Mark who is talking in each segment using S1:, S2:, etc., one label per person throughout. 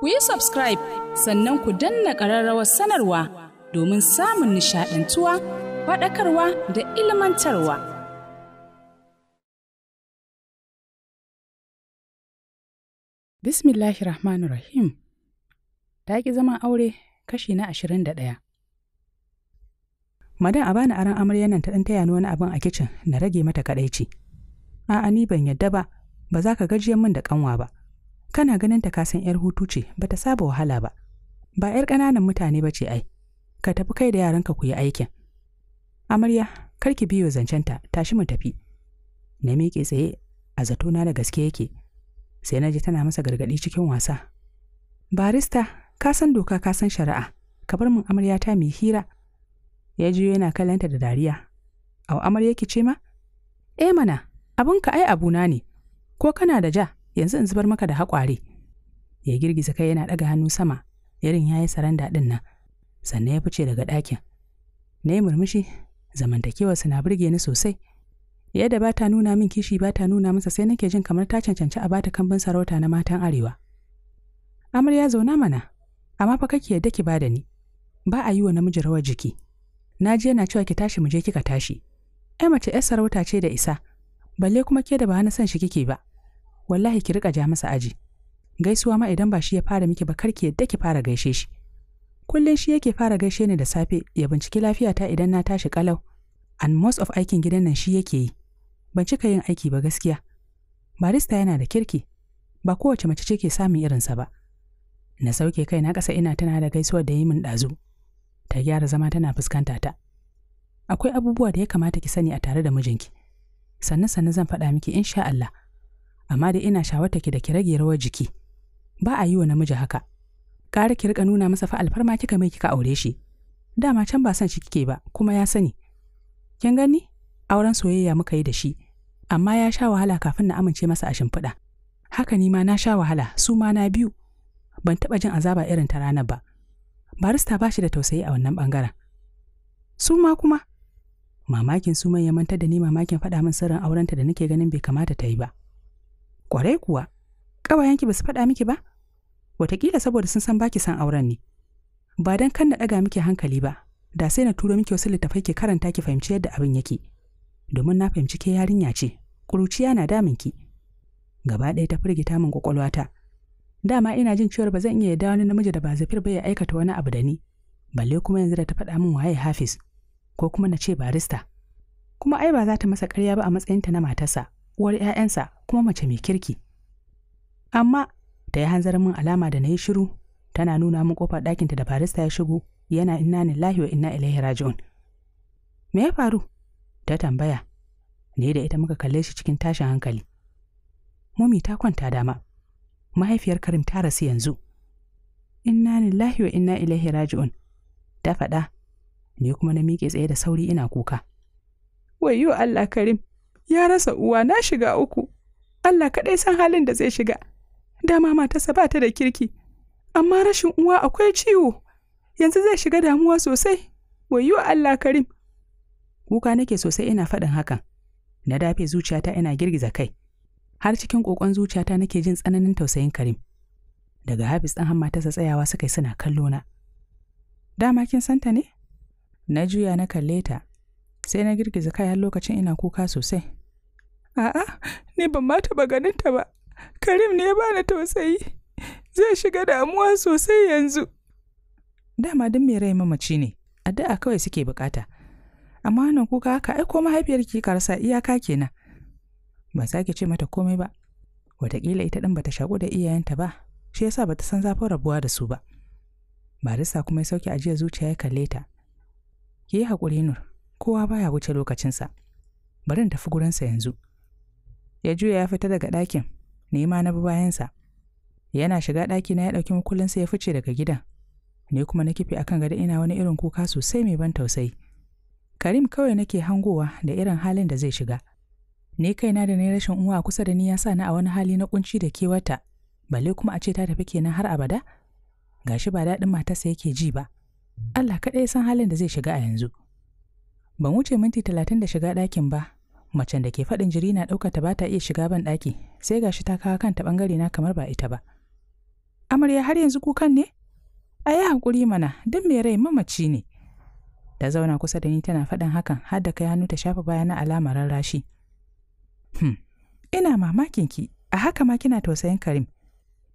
S1: ku yi subscribe sannan ku danna ƙararrawar sanarwa domin samun nishaɗantuwa faɗakarwa da ilmantarwa. Bismillahir Rahmanir Rahim Ta ƙi zama aure kashi na ashirin da ɗaya. Madan a bani aron amarya nan ta ɗan taya ni wani abin a kicin na rage mata kaɗaici. A'a ni ban yadda ba, ba za ka gajiyar min da ƙanwa ba. kana ganin ta kasan 'yar hutu ce ba ta saba wahala ba ba 'yar ƙananan mutane ba ce ai ka tafi kai da yaranka ku yi aikin amarya kar ki biyo zancenta tashi mu tafi na miƙe tsaye a zato na da gaske yake sai na ji tana masa gargaɗi cikin wasa barista ka san doka ka san shari'a ka bar min ta mai hira ya jiyo yana kallanta da dariya au amarya ki ce ma eh mana abinka ai abuna ne ko kana da ja yanzu in zubar maka da haƙware ya girgiza kai yana ɗaga hannu sama irin ya yi saranda ɗin nan sannan ya fice daga ɗakin na yi murmushi zamantakewa na burge ni sosai yadda ba ta nuna min kishi ba ta nuna masa sai nake jin kamar ta cancanci a bata kambin sarauta na matan arewa amarya zauna mana amma fa kake yadda ki bada ni ba a yi wa namiji rawar jiki na ji yana cewa ki tashi mu je kika tashi ai mace yar sarauta ce da isa balle kuma ke da ba na san shi kike ba wallahi ki riƙa ja masa aji gaisuwa ma idan ba shi ya fara miki ba kar ki yadda ki fara gaishe shi kullum shi yake fara gaishe ni da safe ya binciki lafiyata idan na tashi kalau and most of aikin gidan nan shi yake yi ban cika yin aiki ba gaskiya barista yana da kirki ba kowace mace ce ke samun irinsa ba na sauke kai na ƙasa ina tana da gaisuwar da yi min ɗazu ta gyara zama tana fuskanta ta akwai abubuwa da ya kamata ki sani a tare da mijinki sannan sannan zan faɗa miki insha Allah amma dai ina shawarta ki da ki rage rawar jiki ba a yi wa namiji haka ƙara ki rika nuna masa fa alfarma kika mai kika aure shi dama can ba san shi kike ba kuma ya sani kin gani auren soyayya muka yi da shi amma ya sha wahala kafin na amince masa a shimfiɗa haka ni ma na sha wahala su ma na biyu ban taɓa jin azaba irin ta ranar ba barista ba shi da tausayi a wannan ɓangaren su ma kuma mamakin su ya manta da ni mamakin faɗa min sirrin aurenta da nake ganin bai kamata ta yi ba Kwarai kuwa, ƙawayenki ba su faɗa miki ba? Wataƙila saboda sun san baki san auren ne. Ba don kan na ɗaga miki hankali ba, da sai na turo miki wasu littafai ki karanta ki fahimci yadda abin yake. Domin na fahimci ke yarinya ce, ƙuruciya na damin ki. Gaba ɗaya ta firgita min kwakwalwata. Dama ina jin cewar ba zan iya yarda wani namiji da ba zafir ba ya aikata wani abu da ni. Balle kuma yanzu da ta faɗa min waye Hafiz, ko kuma na ce barista. Kuma ai ba za ta masa karya ba a matsayinta na matarsa. uwar 'ya'yansa kuma mace mai kirki amma da ya hanzar min alama da na yi shiru tana nuna min kofar ɗakinta da barista ya shigo yana inna lillahi wa inna ilaihi raji'un me ya faru ta tambaya ne da ita muka kalle shi cikin tashin hankali mumi ta kwanta dama mahaifiyar karim ta rasu yanzu inna lillahi wa inna ilaihi raji'un ta faɗa Ne kuma na miƙe tsaye da sauri ina kuka wayyo allah karim ya rasa uwa na shiga uku Allah kaɗai san halin da zai shiga dama matarsa ba ta da kirki amma rashin uwa akwai ciwo yanzu zai shiga damuwa sosai wayo Allah karim kuka nake sosai ina faɗin hakan na dafe zuciyata ina girgiza kai har cikin ƙoƙon zuciyata nake jin tsananin tausayin karim daga hafiz ɗan hammatarsa tsayawa suka yi suna kallo na dama kin santa ne na juya na kalle ta sai na girgiza kai har lokacin ina kuka sosai A'a, ni ban ma taɓa ta ba. Karim ne ya bani tausayi. Zai shiga damuwa sosai yanzu. Dama duk mai rai mamaci ne, addu'a kawai suke bukata. Amma wannan kuka haka ai aiko ki karsa iyaka kenan. Ban sake ce mata komai ba. Wataƙila ita ɗin bata shaƙu da iyayenta ba, shi yasa bata san zafin rabuwa da su ba. Barista kuma ya sauke ajiyar zuciya ya kalle ta. Ki yi haƙuri Nur, kowa baya wuce lokacinsa. Bari in tafi gurinsa yanzu. ya juya ya fita daga ɗakin nema na bi bayansa yana shiga ɗaki na ya ɗauki sa ya fice daga gidan ni kuma na kifi akan gada ina wani irin kuka sosai mai ban tausayi karim kawai nake hangowa da irin halin da zai shiga ni kaina da na rashin uwa kusa da ni ya sa ni a wani hali na kunci da kewata balle kuma a ce ta tafi kenan har abada gashi ba daɗin matarsa yake ji ba Allah kaɗai san halin da zai shiga a yanzu ban wuce minti talatin da shiga ɗakin ba macen da ke faɗin jiri na ɗaukar ta ba ta iya shiga ban ɗaki sai gashi ta kawo kanta ɓangare na kamar ba ita ba amarya har yanzu kukan ne a yi haƙuri mana duk mai rai mamaci ne ta zauna kusa da ni tana faɗin hakan har da kai hannu ta shafa baya na alamar rashi hmm. ina mamakin ki a haka ma kina tausayin karim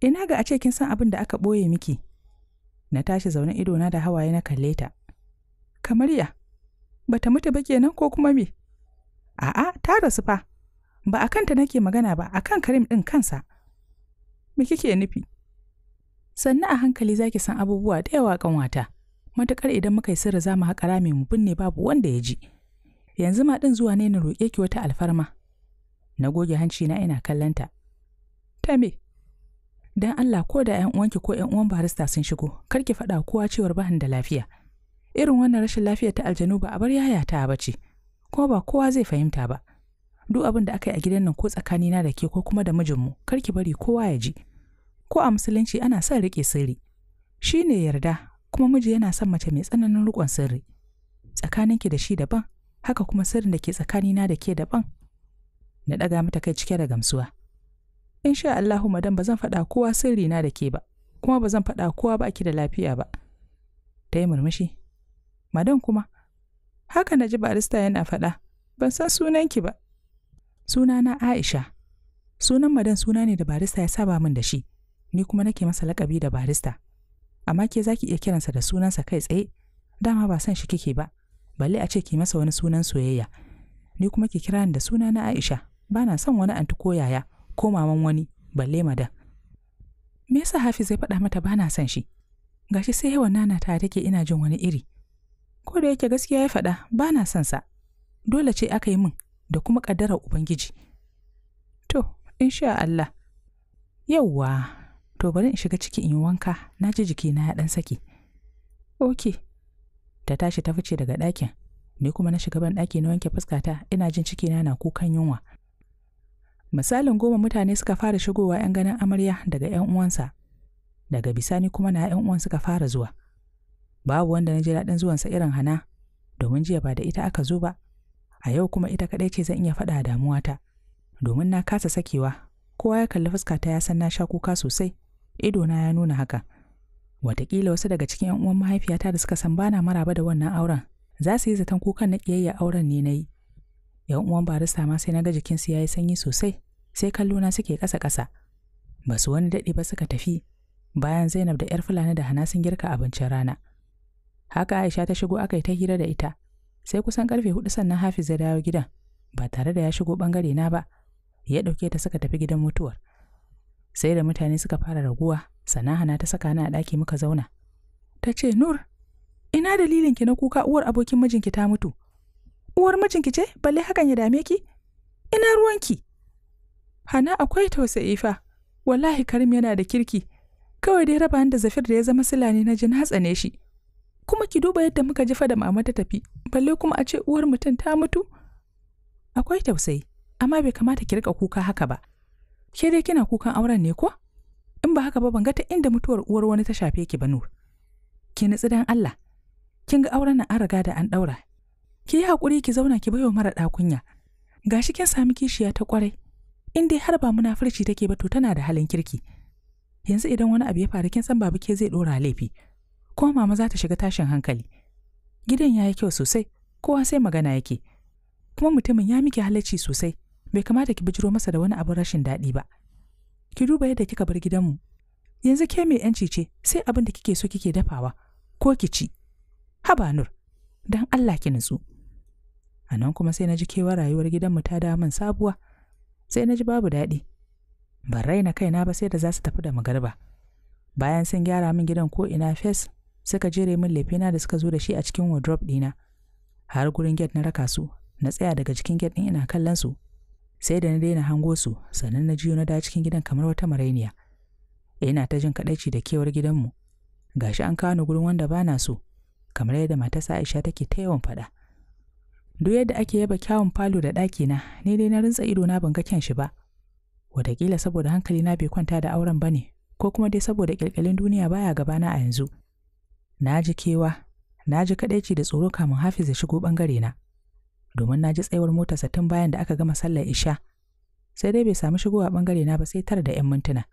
S1: ina ga a ce kin san abin da aka ɓoye miki na tashi zaune idona da hawaye na kalle ta kamar ya bata mutu ba kenan ko kuma me A'a, ta rasu fa. Ba a kanta nake magana ba, a kan Karim ɗin kansa. Me kike nufi? Sannan a hankali za ki san abubuwa da yawa ƙanwata. Matuƙar idan muka yi sirri za mu haƙa rami mu binne babu wanda ya ji. Yanzu ma ɗin zuwa ne na roƙe ki wata alfarma. Na goge hanci na ina kallanta. Ta me? Don Allah ko da ƴan uwanki ko ƴan uwan barista sun shigo, kar ki faɗa kowa cewar bahan da lafiya. Irin wannan rashin lafiyar ta aljanu ba a bar yayata ba ce. kuma ba kowa zai fahimta ba duk abin da aka yi a gidan nan ko tsakanina da ke ko kuma da mijin mu kar ki bari kowa ya ji ko a musulunci ana son rike sirri shi ne yarda kuma miji yana son mace mai tsananin riƙon sirri tsakaninki da shi daban haka kuma sirrin da ke tsakanina da ke daban na ɗaga mata kai cike da gamsuwa in sha Allahu madan ba zan faɗa kowa sirri na da ke ba kuma ba zan faɗa kowa ba ki da lafiya ba ta yi murmushi madan kuma Haka na ji barista yana faɗa, ban san sunanki ba. Sunana Aisha. Sunan madan suna ne da barista ya saba min da shi, ni kuma nake masa lakabi da barista. Amma ke za ki iya kiransa da sunansa kai tsaye, dama ba san shi kike ba, balle a ce ki masa wani sunan soyayya. Ni kuma ki kira ni da suna na Aisha, ba na son wani anti ko yaya ko maman wani, balle madan. Me yasa Hafiz zai faɗa mata ba na son shi? Gashi sai yawan nana ta take ina jin wani iri. ko da yake gaskiya ya faɗa ba na son sa dole ce aka yi min da kuma ƙaddarar ubangiji to sha Allah yawwa to bari in shiga ciki in yi wanka na ji jiki na ya ɗan saki ok ta tashi ta fice daga ɗakin ni kuma na shiga ban ɗaki na wanke fuskata ina jin ciki na na kukan yunwa misalin goma mutane suka fara shigowa 'yan ganin amarya daga 'yan uwansa daga bisani kuma na 'yan uwan suka fara zuwa babu wanda na ji daɗin zuwansa irin hana domin jiya ba da ita aka zo ba a yau kuma ita kaɗai ce zan iya faɗa damuwata domin na kasa sakewa kowa ya kalli ta ya san na sha kuka sosai idona ya nuna haka Wataƙila wasu daga cikin 'yan uwan mahaifiyata da suka san bana maraba da wannan auren za su yi zaton kukan na ƙiyayya auren ne na yi. ‘Yan uwan barista ma sai na ga jikinsu ya yi sanyi sosai, sai kallona suke ƙasa-ƙasa. Ba su wani daɗe ba suka tafi, bayan Zainab da ‘yar Fulani da Hana sun girka abincin rana. Haka Aisha ta shigo aka yi ta hira da ita. Sai kusan karfe hudu sannan Hafiz ya dawo gidan, ba tare da ya shigo bangare na ba. Ya ɗauke ta suka tafi gidan mutuwar. Sai da mutane suka fara raguwa, sana'a hana ta saka ni a ɗaki muka zauna. Ta ce, Nur, ina dalilin ki na kuka uwar abokin mijinki ta mutu. Uwar mijinki ce, balle hakan ya dame ki? Ina ruwanki? Hana akwai tausayi fa, wallahi Karim yana da kirki, kawai dai raba da zafir da ya zama sulani na ji na tsane shi. kuma ki duba yadda muka ji da mama ta tafi balle kuma a ce uwar mutum ta mutu akwai tausayi amma bai kamata ki rika kuka haka ba ke dai kina kukan auren ne ko in ba haka ba ban ga ta inda mutuwar uwar wani ta shafe ki ba nur ki nitsi dan Allah kin ga auren nan an riga da an daura ki yi hakuri ki zauna ki baiwa mara ɗakunya gashi kin sami kishiya ta kwarai in dai har ba munafurci take ba to tana da halin kirki yanzu idan wani abu ya faru kin san baba ke zai dora laifi ko mama za ta shiga tashin hankali gidan ya yi kyau sosai kowa sai magana yake kuma mutumin ya miki halacci sosai bai kamata ki bijiro masa da wani abin rashin daɗi ba ki duba yadda kika bar gidanmu yanzu ke mai yanci ce sai abin da kike so kike dafawa ko ki ci haba nur dan Allah ki nutsu a nan kuma sai na ji kewar rayuwar gidanmu ta da min sabuwa sai na ji babu daɗi ban raina kaina ba sai da za su tafi da magarba bayan sun gyara min gidan ko ina fes suka jere min lefena da suka zo da shi a cikin wardrobe dina har gurin gate na raka su na tsaya daga cikin gate ɗin ina kallon su sai da na daina hango su sannan na jiyo na da cikin gidan kamar wata marainiya ina ta jin kadaici da kewar gidanmu gashi an kawo gurin wanda bana so kamar yadda sa Aisha take ta yawan faɗa. Duk yadda ake yaba kyawun falo da na ni dai na rintsa ido na ban ga kyan shi ba. Wataƙila saboda hankali na bai kwanta da auren ba ne, ko kuma dai saboda ƙyalƙyalin duniya baya gabana a yanzu. na ji kewa na ji kadaici da tsoro kamun hafiz shigo bangare na domin na ji tsayuwar motarsa tun bayan da aka gama sallar isha sai dai bai samu shigowa bangare na ba sai tara da yan mintuna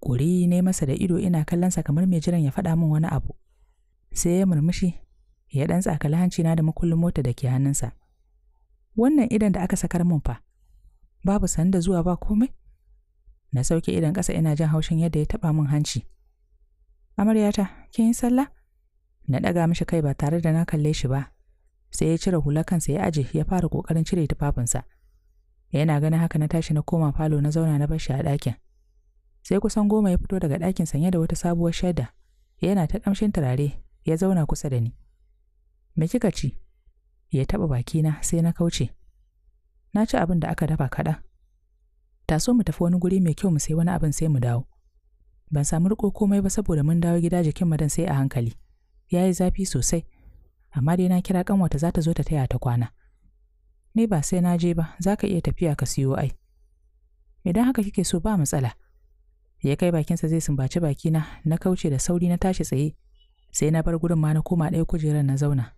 S1: ƙuri ne masa da ido ina kallonsa kamar mai jiran ya faɗa min wani abu sai ya murmushi ya ɗan tsakali hanci na da makullin mota da ke hannunsa wannan idan da aka sakar min fa babu sanda zuwa ba komai na sauke idan ƙasa ina jin haushin yadda ya taɓa min hanci amaryata kin yi sallah na ɗaga mishi kai ba tare da na kalle shi ba sai ya cire hula kansa ya aje ya fara ƙoƙarin cire tufafinsa yana ganin haka na tashi na koma falo na zauna na bar shi a ɗakin sai kusan goma ya fito daga ɗakin sanye da wata sabuwar shaida yana ta kamshin turare ya zauna kusa da ni me kika ci ya taɓa na sai na kauce na ci abin da aka dafa kaɗan taso mu tafi wani guri mai kyau mu sai wani abin sai mu dawo Ban samu riko komai ba saboda mun dawo gida jikin madan sai a hankali. Ya yi zafi sosai, amma dai na kira ƙanwata za ta zo ta taya ta kwana. Ni ba sai na je ba, za ka iya tafiya ka siyo ai. Idan haka kike so ba matsala. Ya kai bakinsa zai sumbaci bakina, na kauce da sauri na tashi tsaye, sai na bar gurin ma na koma ɗaya kujerar na zauna.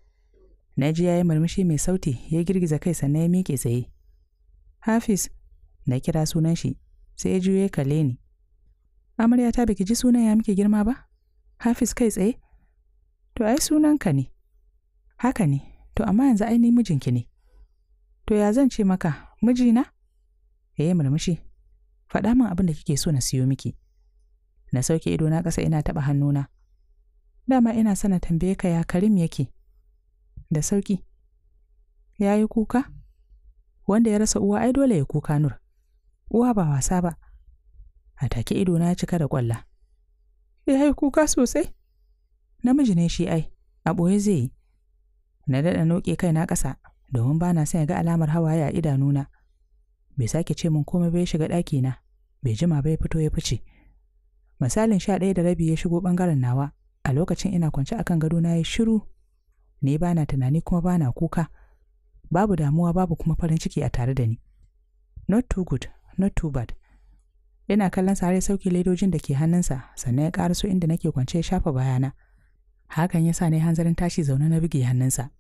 S1: Na ji ya yi murmushi mai sauti ya girgiza kai sannan ya miƙe tsaye. Hafiz, na kira sunan shi, sai ya juye ya kalle ni. amaryata baki ji sunan ya miki girma ba hafiz kai tsaye to ai sunanka ne haka ne to amma yanzu ai ni mijinki ne to ya zan ce maka mijina yayi eh, murmushi faɗa min abin da kike so na siyo miki na sauke ido na ƙasa ina taɓa hannuna dama ina sana tambaye ka ya karim yake da sauki ya yi kuka wanda ya rasa uwa ai dole ya kuka nur uwa ba wasa ba a take ido na cika da kwalla ya yi kuka sosai namiji ne shi ai a ɓoye zai yi na daɗa noƙe kai na ƙasa domin ba na son ya ga alamar hawaye a idanuna bai sake ce min komai bai shiga ɗaki na bai jima bai fito ya fice misalin sha ɗaya da rabi ya shigo ɓangaren nawa a lokacin ina kwance akan gado na ya shiru ne ba na tunani kuma ba na kuka babu damuwa babu kuma farin ciki a tare da ni not too good not too bad Ina kallon sa har sauke ledojin da ke hannunsa, sannan ya ƙaraso inda nake kwance shafa bayana. Hakan ya sa ni hanzarin tashi zaune na buge hannunsa.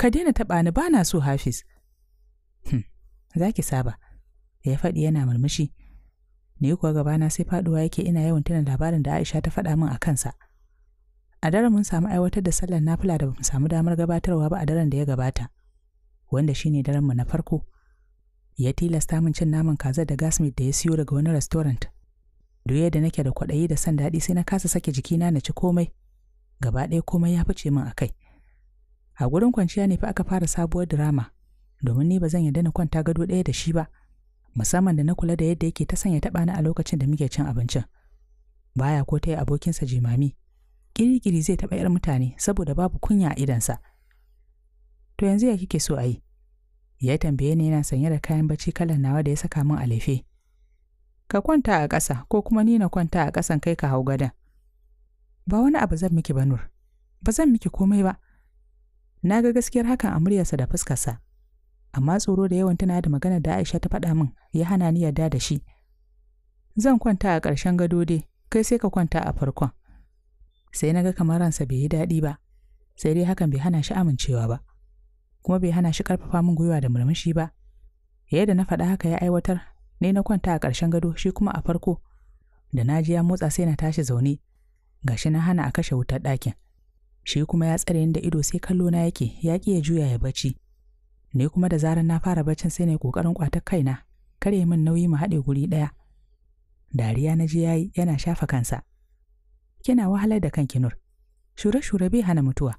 S1: Ka daina taɓa ni bana so Hafiz. Hmm, za ki saba. Ya faɗi yana murmushi. Ni kuwa gabana sai faɗuwa yake ina yawan tuna labarin da Aisha ta faɗa min a kansa. A daren mun samu aiwatar da sallar nafila da bamu samu damar gabatarwa ba a daren da ya gabata, wanda shine daren mu na farko. ya tilasta min cin naman kaza da gas da ya siyo daga wani restaurant. Doye da nake da kwaɗayi da san daɗi sai na kasa sake jikina na ci komai. Gaba ɗaya komai ya fice min a kai. A gurin kwanciya ne fa aka fara sabuwar drama, domin ni ba zan yarda na kwanta gado ɗaya da shi ba, musamman da na kula da yadda yake ta sanya taɓa ni a lokacin da muke cin abincin. Baya ko ta yi abokinsa jimami, ƙiri zai taɓa 'yar mutane saboda babu kunya a idansa. To yanzu ya kike so a yi? ya tambaye ni yana sanye da kayan bacci kalan nawa da ya saka min a lefe. Ka kwanta a ƙasa ko kuma ni na kwanta a ƙasan kai ka hau gadon. Ba wani abu zan miki ba Nur, ba zan miki komai ba. Na ga gaskiyar hakan a muryarsa da fuskarsa, amma tsoro da yawan tana da magana da Aisha ta faɗa min ya hana ni yarda da shi. Zan kwanta a ƙarshen gado dai, kai sai ka kwanta a farkon. Sai na ga kamar ransa bai yi daɗi ba, sai dai hakan bai hana shi amincewa ba. kuma bai hana shi karfafa min gwiwa da murmushi ba da na faɗa haka ya aiwatar ne na kwanta a ƙarshen gado shi kuma a farko da na ji ya motsa sai na tashi zaune gashi na hana a kashe wutar ɗakin shi kuma ya tsare da ido sai kallo na yake ya ƙi ya juya ya bacci ne kuma da zaran na fara baccin sai na yi ƙoƙarin kwata kaina kare min nauyi mu haɗe guri ɗaya dariya na ji yayi yana shafa kansa kina wahalar da kanki nur shure-shure bai hana mutuwa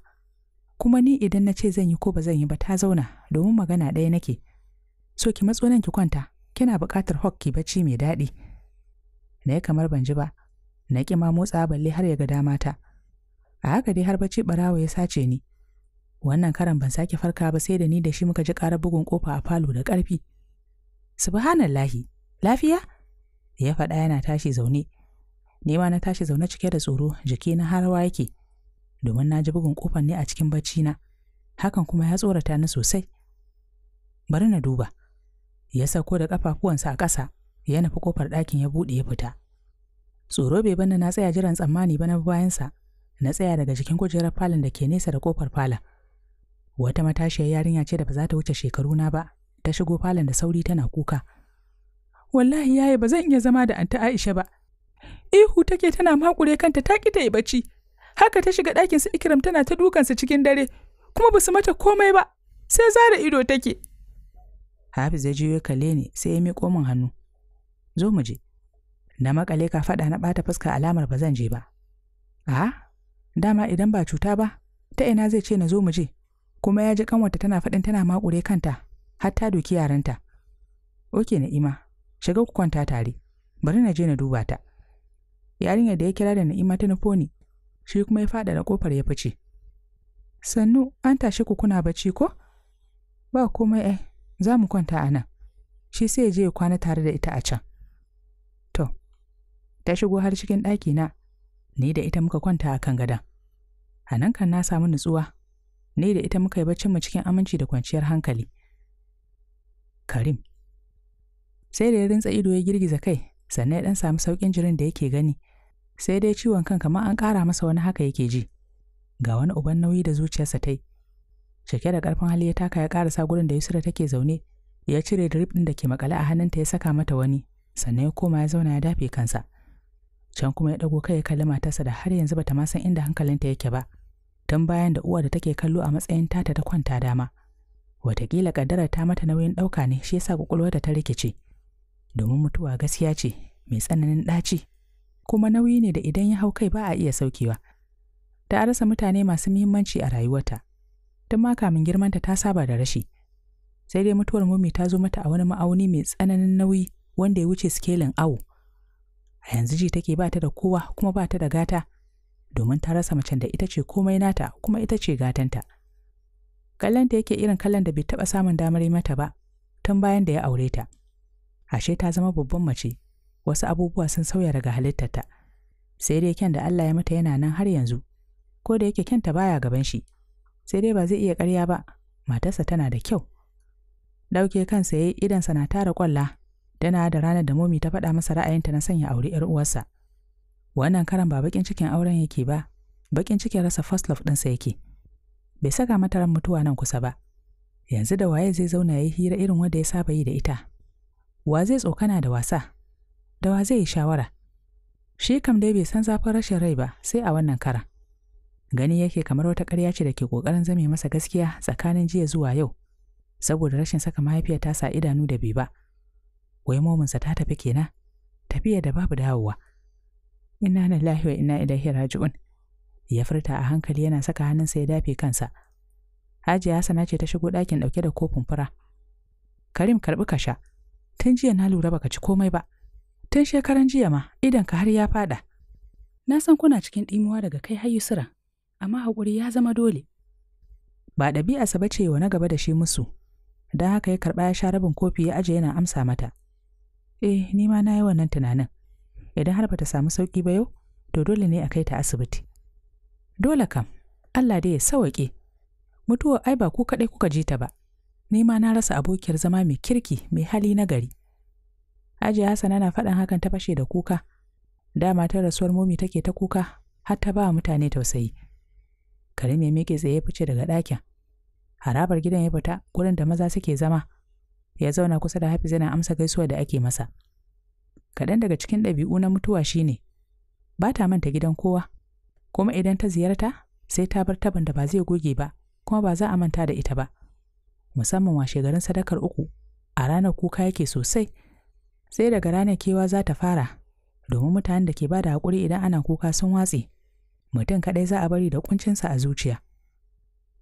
S1: kuma ni idan na ce zan yi ko ba zan yi ba ta zauna domin magana ɗaya nake so ki matso nan ki kwanta kina buƙatar hok ki bacci mai daɗi na yi kamar ban ji ba na ƙi ma motsa balle har ya ga dama ta a haka dai har bacci barawo ya sace ni wannan karan ban sake farka ba sai da ni da shi muka ji ƙarar bugun ƙofa a falo da ƙarfi subhanallahi lafiya ya faɗa yana tashi zaune nema na tashi zaune cike da tsoro jiki na harawa yake domin na ji bugun ƙofar ne a cikin bacci na hakan kuma ya tsorata ni sosai bari na duba ya sauko da ƙafafuwansa a ƙasa ya nufi kofar ɗakin ya buɗe ya fita tsoro bai bani na tsaya jiran tsammani ba na bayansa na tsaya daga jikin kujerar falon da ke nesa da kofar falon wata matashiyar yarinya ce da ba za ta wuce shekaru na ba ta shigo falon da sauri tana kuka wallahi yaye ba zan iya zama da anta Aisha ba ihu take tana makure kanta ta ki ta yi bacci haka ta shiga ɗakin su ikiram tana ta dukansa cikin dare kuma ba su mata komai ba sai zara ido take hafiz ya jiyo kale ne sai ya miƙo min hannu zo mu je na makale ka faɗa na ɓata fuska alamar ba zan je ba a dama idan ba cuta ba ta ina zai ce na zo mu je kuma ya ji kanwata tana faɗin tana makure kanta har ta doki yaranta oke na'ima shiga ku kwanta tare bari na je na duba ta yarinyar da ya kira da na'ima ta nufo ni shi kuma ya faɗa da ƙofar ya fice. Sannu, an tashi ku kuna bacci ko? Ba komai eh. za mu kwanta a nan. Shi sai ya je ya kwana tare da ita a can. To, ta shigo har cikin ɗaki na, ni da ita muka kwanta a kan gada. A nan kan na samu nutsuwa, ni da ita muka yi baccin mu cikin aminci da kwanciyar hankali. Karim. Sai da ya rintsa ido ya girgiza kai, sannan ya ɗan samu sauƙin jirin da yake gani. sai dai ciwon kan kamar an ƙara masa wani haka yake ji ga wani uban nauyi da zuciyarsa ta yi cike da ƙarfin hali ya taka ya ƙarasa gurin da yusra take zaune ya cire drip ɗin da ke makale a hannunta ya saka mata wani sannan ya koma ya zauna ya dafe kansa can kuma ya ɗago kai ya kalli matarsa da har yanzu bata ma san inda hankalinta yake ba tun bayan da uwa da take kallo a matsayin tata ta kwanta dama wataƙila ƙaddarar ta mata nauyin ɗauka ne shi yasa ƙwaƙwalwarta ta rikice domin mutuwa gaskiya ce mai tsananin ɗaci kuma nauyi ne da idan ya hau kai ba a iya saukewa. Ta a rasa mutane masu muhimmanci a rayuwarta, tun ma kamin girmanta ta saba da rashi. Sai dai mutuwar mummy ta zo mata a wani ma'auni mai tsananin nauyi wanda ya wuce sikelin awo. A yanzu ji take ba ta da kowa kuma ba ta da gata, domin ta rasa macen da ita ce komai nata kuma ita ce gatanta. Kallon yake irin kallon da bai taɓa samun damar yi mata ba, tun bayan da ya aure ta. Ashe ta zama babban mace, wasu abubuwa sun sauya daga halittarta sai dai kyan da Allah ya mata yana nan har yanzu ko da yake ta baya gaban shi sai dai ba zai iya ƙarya ba matarsa tana da kyau ɗauke kansa ya yi idansa na tara kwalla. dana da ranar da momi ta faɗa masa ra'ayinta na sanya aure 'yar uwarsa wannan karan ba bakin cikin auren yake ba Baƙin cikin rasa first love ɗinsa yake bai saka mata ran mutuwa nan kusa ba yanzu da waye zai zauna ya yi hira irin wanda ya saba yi da ita wa zai tsokana da wasa da wa zai yi shawara shi kam dai bai san zafin rashin rai ba sai a wannan kara gani yake kamar wata ƙarya ce da ke ƙoƙarin zame masa gaskiya tsakanin jiya zuwa yau saboda rashin saka mahaifiyar ta sa idanu da bai ba wai mominsa ta tafi kenan tafiya da babu dawowa inna na wa inna ilahi raji'un ya furta a hankali yana saka hannunsa ya dafe kansa hajiya Hassana ce ta shigo ɗakin ɗauke da kofin fura karim karɓi ka sha tun jiya na lura baka ci komai ba Tun shekaran jiya ma, idanka har ya faɗa. Na san kuna cikin ɗimuwa daga kai har Yusra, amma haƙuri ya zama dole. Ba ɗabi'arsa ba ce wa na gaba da shi musu, don haka ya karɓa ya sha rabin kofi ya aje yana amsa mata. Eh, ni ma na yi wannan tunanin. Idan har ba ta samu sauƙi ba yau, to dole ne a kai ta asibiti. Dole kam, Allah dai ya sawaƙe. Mutuwa ai ba ku kaɗai kuka ji ta ba. Ni ma na rasa abokiyar zama mai kirki, mai hali na gari. aji Hassana na faɗin hakan ta fashe da kuka. Dama ta rasuwar momi take ta kuka har ta ba mutane tausayi. Karim ya miƙe tsaye ya fice daga ɗakin. Harabar gidan ya fita gurin da maza suke zama. Ya zauna kusa da Hafiz yana amsa gaisuwa da ake masa. Kaɗan daga cikin ɗabi'u na mutuwa shine ba ta manta gidan kowa, kuma idan ta ziyarta sai ta bar taban da ba zai goge ba, kuma ba za a manta da ita ba. Musamman washe garin sadakar uku, a ranar kuka yake sosai, sai daga ranar kewa za ta fara domin mutanen da ke ba da haƙuri idan ana kuka sun watse mutum kaɗai za a bari da kuncinsa a zuciya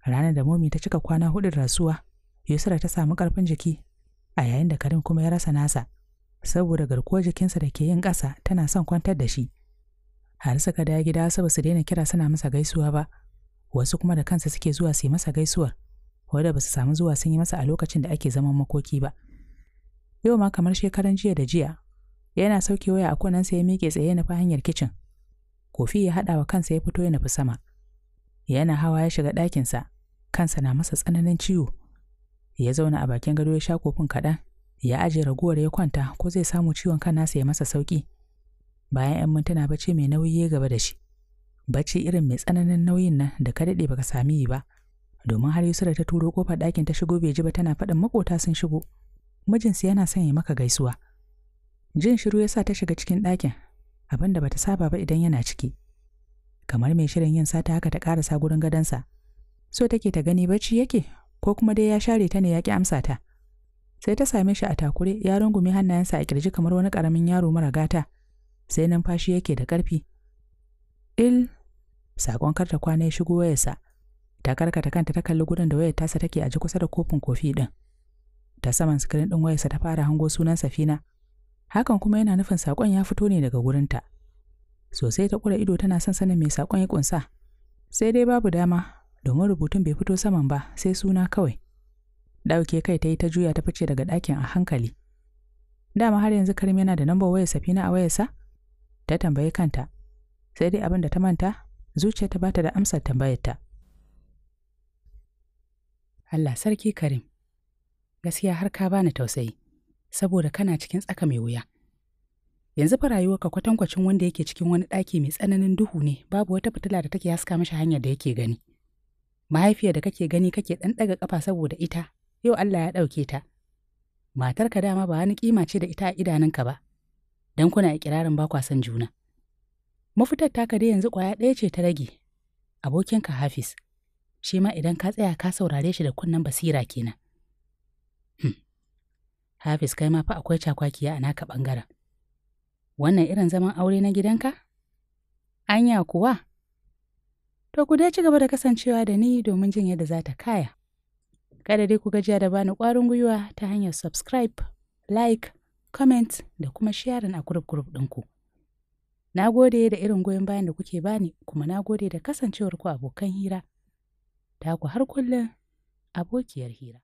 S1: ranar da momi ta cika kwana hudun rasuwa yusra ta samu ƙarfin jiki a yayin da karin kuma ya rasa nasa saboda garkuwar jikinsa da ke yin ƙasa tana son kwantar da shi har suka dawo gida wasu ba su daina kira suna masa gaisuwa ba wasu kuma da kansa suke zuwa su yi masa gaisuwar wadda ba su samu zuwa sun yi masa a lokacin da ake zaman makoki ba. yau ma kamar shekaran jiya da jiya yana sauke waya a sa ya miƙe tsaye na fa hanyar kicin kofi ya haɗa wa kansa ya fito ya nufi sama yana hawa ya shiga ɗakinsa kansa na masa tsananin ciwo ya zauna a bakin gado ya sha kofin kaɗan ya aje raguwar ya kwanta ko zai samu ciwon kan nasa ya masa sauƙi bayan 'yan mintuna bacci mai nauyi ya gaba da shi bacci irin mai tsananin nauyin nan da ka daɗe baka sami yi ba domin har yusra ta turo kofar ɗakin ta shigo bai ji ba tana faɗin makota sun shigo mijinsa yana son ya maka gaisuwa. Jin shiru ya sa ta shiga cikin ɗakin, abin da bata saba ba idan yana ciki. Kamar mai shirin yin sata haka ta ƙarasa gurin gadonsa. So take ta gani bacci yake, ko kuma dai ya share ta ne ya ƙi amsa ta. Sai ta same shi a takure, ya rungumi hannayensa a ƙirji kamar wani ƙaramin yaro mara gata. Sai numfashi yake da ƙarfi. Il, saƙon karta kwana ya shigo wayarsa. Ta karkata kanta ta kalli gurin da wayar tasa take a ji kusa da kofin kofi ɗin. ta saman sikirin ɗin wayarsa ta fara hango sunan Safina. Hakan kuma yana nufin saƙon ya fito ne daga gurinta. Sosai ta ƙura ido tana son sanin mai saƙon ya ƙunsa. Sai dai babu dama, domin rubutun bai fito saman ba, sai suna kawai. Ɗauke kai ta yi ta juya ta fice daga ɗakin a hankali. Dama har yanzu Karim yana da lambar wayar Safina a wayarsa? Ta tambayi kanta. Sai dai abin da ta manta, zuciyarta ba ta da amsar tambayarta. Allah sarki Karim. gaskiya har ka bani tausayi saboda kana cikin tsaka mai wuya yanzu fa rayuwarka kwatankwacin wanda yake cikin wani ɗaki mai tsananin duhu ne babu wata fitila da take haska mashi hanyar da yake gani mahaifiyar da kake gani kake ɗan ɗaga ƙafa saboda ita yau Allah ya ɗauke ta matarka dama ba wani kima ce da ita a idanunka ba don kuna ikirarin ba kwa son juna mafitar taka dai yanzu ƙwaya ɗaya ce ta rage abokinka hafiz shi ma idan ka tsaya ka saurare shi da kunnen basira kenan Hmm. Hafiz kai ma fa akwai cakwakiya a naka ɓangaren. Wannan irin zaman aure na gidanka? Anya kuwa? To ku dai ci gaba da kasancewa da ni domin jin yadda za ta kaya. Kada dai ku gajiya da bani ƙwarin gwiwa ta hanyar subscribe, like, comment da kuma sharing a group group ɗinku. Na gode da irin goyon bayan da kuke bani kuma na gode da kasancewar ku abokan hira. Ta ku har kullum abokiyar hira.